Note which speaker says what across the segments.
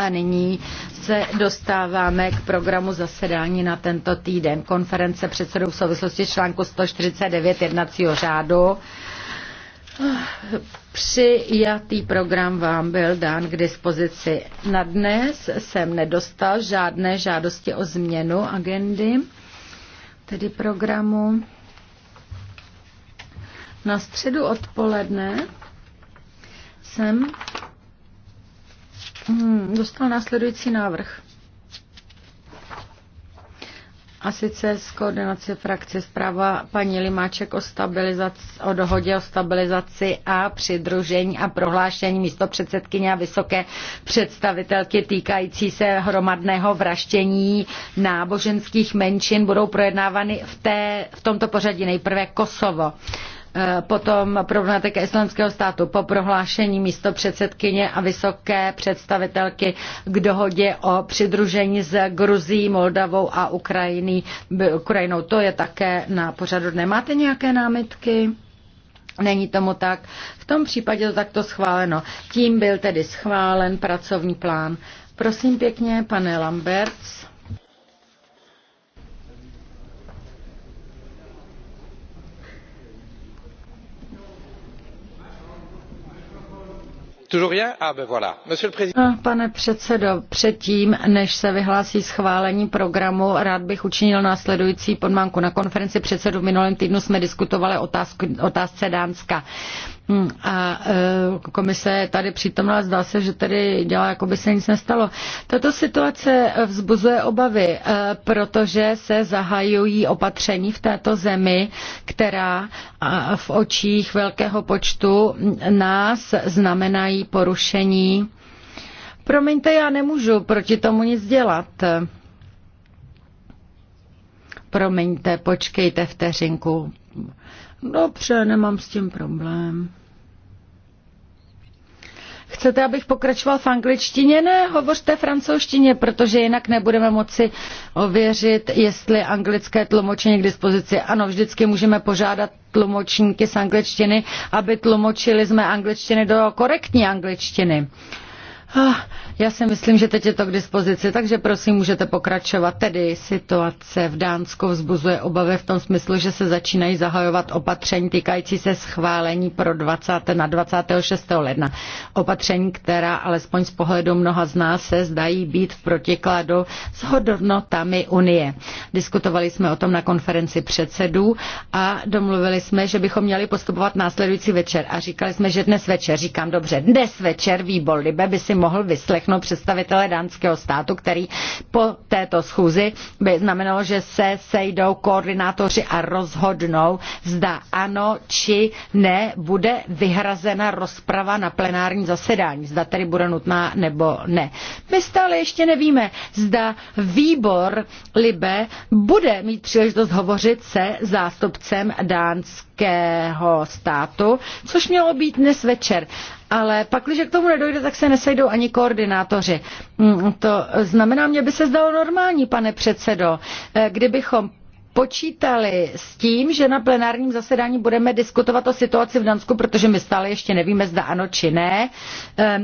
Speaker 1: A nyní se dostáváme k programu zasedání na tento týden. Konference předsedů v souvislosti článku 149 jednacího řádu. Přijatý program vám byl dán k dispozici. Na dnes jsem nedostal žádné žádosti o změnu agendy, tedy programu. Na středu odpoledne jsem Hmm, dostal následující návrh. A sice z koordinace frakce zpráva paní Limáček o, o dohodě o stabilizaci a přidružení a prohlášení místo předsedkyně a vysoké představitelky týkající se hromadného vraštění náboženských menšin budou projednávány v, té, v tomto pořadí nejprve Kosovo. Uh, Eh, potom problematika islamského státu po prohlášení místo předsedkyně a vysoké představitelky k dohodě o přidružení s Gruzí, Moldavou a Ukrajiní, Ukrajinou. To je také na pořadu dne. Máte nějaké námitky? Není tomu tak. V tom případě to takto schváleno. Tím byl tedy schválen pracovní plán. Prosím pěkně, pane Lamberts. Ah, eh, pane předsedo, předtím, než se vyhlásí schválení programu, rád bych učinil následující podmánku. Na konferenci předsedů v minulém týdnu jsme diskutovali otázku, otázce Dánska. Hm, a eh, komise tady přítomná, zdá se, že tady dělá, jako by se nic nestalo. Tato situace vzbuzuje obavy, eh, protože se zahajují opatření v této zemi, která eh, v očích velkého počtu nás znamenají porušení. Promiňte, já nemůžu proti tomu nic dělat. Promiňte, počkejte vteřinku. Dobře, nemám s tím problém. Chcete, abych pokračoval v angličtině? Ne, hovořte francouzštině, protože jinak nebudeme moci ověřit, jestli anglické tlumočení k dispozici. Ano, vždycky můžeme požádat tlumočníky z angličtiny, aby tlumočili jsme angličtiny do korektní angličtiny. Uh, Ah, já si myslím, že teď je to k dispozici, takže prosím, můžete pokračovat. Tedy situace v Dánsku vzbuzuje obavy v tom smyslu, že se začínají zahajovat opatření týkající se schválení pro 20. na 26. ledna. Opatření, která alespoň z pohledu mnoha z nás se zdají být v protikladu s hodnotami Unie. Diskutovali jsme o tom na konferenci předsedů a domluvili jsme, že bychom měli postupovat následující večer. A říkali jsme, že dnes večer, říkám dobře, dnes večer výbor Libe by si mohl vyslechnout představitele dánského státu, který po této schůzi by znamenalo, že se sejdou koordinátoři a rozhodnou, zda ano či ne bude vyhrazena rozprava na plenární zasedání, zda tedy bude nutná nebo ne. My stále ještě nevíme, zda výbor Libe bude mít příležitost hovořit se zástupcem dánského státu, což mělo být dnes večer. Ale pak, když k tomu nedojde, tak se nesejdou ani koordinátoři. Mm, to znamená, mě by se zdalo normální, pane předsedo, eh, kdybychom počítali s tím, že na plenárním zasedání budeme diskutovat o situaci v Dansku, protože my stále ještě nevíme, zda ano či ne. E,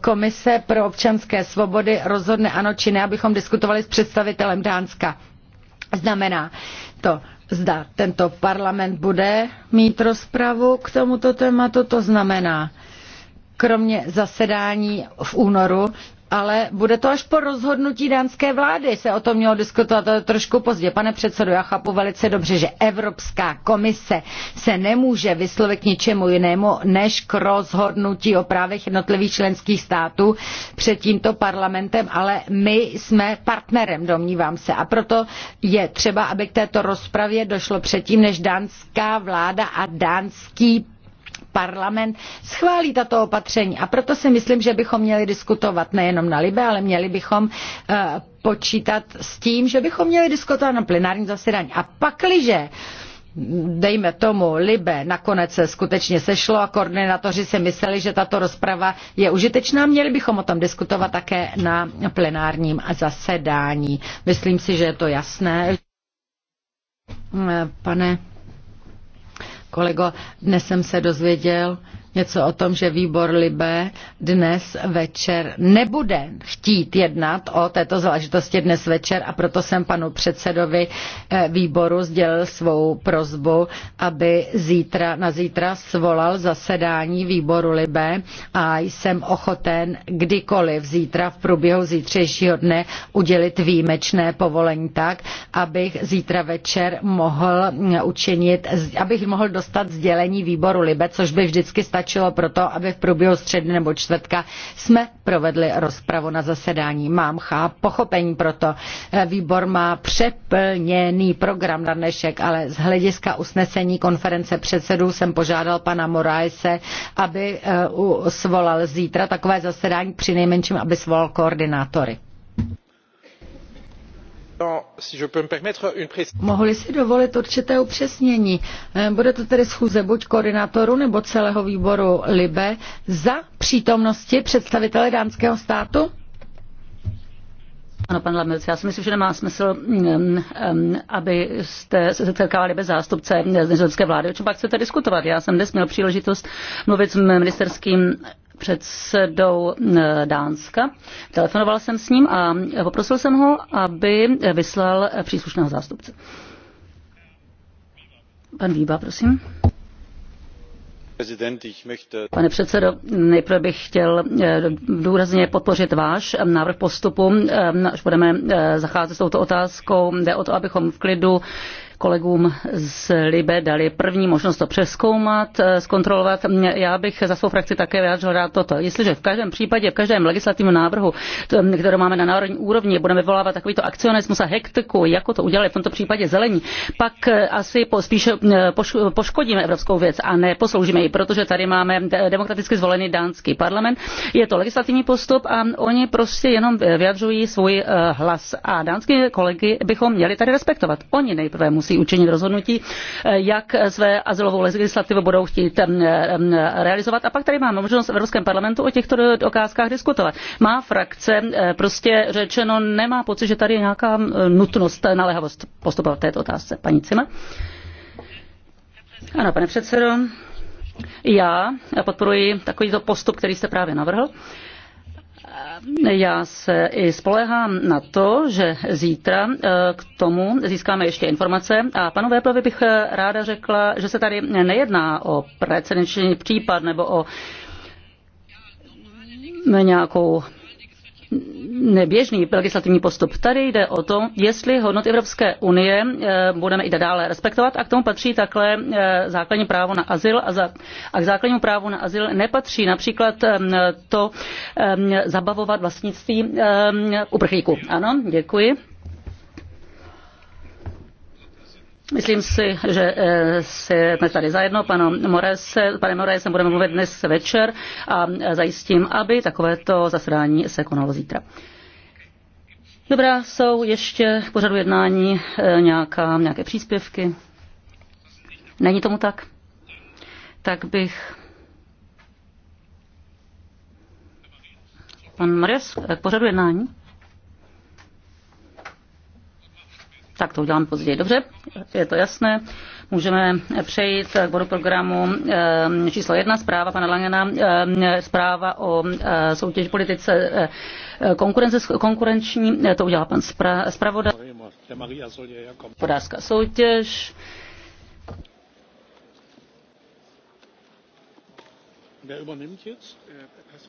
Speaker 1: komise pro občanské svobody rozhodne ano či ne, abychom diskutovali s představitelem Dánska. Znamená to, zda tento parlament bude mít rozpravu k tomuto tématu, to znamená, kromě zasedání v únoru ale bude to až po rozhodnutí dánské vlády. Se o tom mělo diskutovat to trošku pozdě. Pane předsedo, já chápu velice dobře, že Evropská komise se nemůže vyslovit k ničemu jinému, než k rozhodnutí o právech jednotlivých členských států před tímto parlamentem, ale my jsme partnerem, domnívám se. A proto je třeba, aby k této rozpravě došlo předtím, než dánská vláda a dánský parlament schválí tato opatření. A proto si myslím, že bychom měli diskutovat nejenom na Libe, ale měli bychom eh, počítat s tím, že bychom měli diskutovat na plenárním zasedání. A pakliže dejme tomu, Libe nakonec se skutečně sešlo a koordinátoři si mysleli, že tato rozprava je užitečná. Měli bychom o tom diskutovat také na plenárním zasedání. Myslím si, že je to jasné. Eh, pane Kolego, dnes jsem se dozvěděl, něco o tom, že výbor Libe dnes večer nebude chtít jednat o této záležitosti dnes večer a proto jsem panu předsedovi eh, výboru sdělil svou prozbu, aby zítra, na zítra svolal zasedání výboru Libe a jsem ochoten kdykoliv zítra v průběhu zítřejšího dne udělit výjimečné povolení tak, abych zítra večer mohl mm, učinit, abych mohl dostat sdělení výboru Libe, což by vždycky stačilo stačilo proto, aby v průběhu středy nebo čtvrtka jsme provedli rozpravu na zasedání. Mám cháp, pochopení proto. Eh, Výbor má přeplněný program na dnešek, ale z hlediska usnesení konference předsedů jsem požádal pana Moraise, aby eh, svolal zítra takové zasedání při nejmenším, aby svolal koordinátory. Mohli si dovolit určité upřesnění. Eh, bude to tedy schůze buď koordinátoru nebo celého výboru LIBE za přítomnosti představitele dánského státu?
Speaker 2: Ano, pan Lamelc, já si myslím, že nemá smysl, mm, mm, mm, jste se setkávali bez zástupce nizozemské vlády. O čem pak chcete diskutovat? Já jsem dnes měl příležitost mluvit s ministerským předsedou eh, Dánska. Telefonoval jsem s ním a poprosil jsem ho, aby vyslal příslušného zástupce. Pan Výba, prosím. Pane předsedo, nejprve bych chtěl eh, důrazně podpořit váš návrh postupu, eh, až budeme zacházet s touto otázkou. Jde o to, abychom v klidu kolegům z Libe dali první možnost to přeskoumat, eh, zkontrolovat. Já bych za svou frakci také vyjádřil rád toto. Jestliže v každém případě, v každém legislativním návrhu, které máme na národní úrovni, budeme volávat takovýto akcionismus a hektiku, jako to udělali v tomto případě zelení, pak eh, asi po, spíše eh, poškodíme evropskou věc a neposloužíme ji, protože tady máme demokraticky zvolený dánský parlament. Je to legislativní postup a oni prostě jenom vyjadřují svůj hlas. A dánské kolegy bychom měli tady respektovat. Oni nejprve musí musí učinit rozhodnutí, eh, jak své azylovou legislativu budou chtít eh, eh, realizovat. A pak tady máme možnost v Evropském parlamentu o těchto otázkách diskutovat. Má frakce prostě řečeno nemá pocit, že tady je nějaká nutnost, naléhavost postupovat v této otázce. Paní Cima? Ano, pane předsedo. Já podporuji takovýto postup, který jste právě navrhl já se i spolehám na to, že zítra eh, k tomu získáme ještě informace. A panu Véplovi bych eh, ráda řekla, že se tady nejedná o precedenční případ nebo o nějakou běžný legislativní postup. Tady jde o to, jestli hodnoty Evropské unie eh, budeme i dále respektovat a k tomu patří takhle eh, základní právo na azyl a, za, a k základnímu právu na azyl nepatří například eh, to zabavovat vlastnictví uprchlíků. Ano, děkuji. Myslím si, že eh, jsme tady zajedno, panu Morese, pane Moresem budeme mluvit dnes večer a eh, zajistím, aby takovéto zasedání se konalo zítra. Dobrá, jsou ještě k pořadu jednání eh, nějaká, nějaké příspěvky? Není tomu tak? Tak bych... Pan Marias, k pořadu jednání? Tak to uděláme později. Dobře, je to jasné. Můžeme přejít k bodu programu ehm, číslo jedna, zpráva pana Langena, ehm, zpráva o eh, soutěž politice eh, konkurence, konkurenční, eh, to udělá pan spra, zpravodaj. Podářská soutěž. Wer übernimmt jetzt?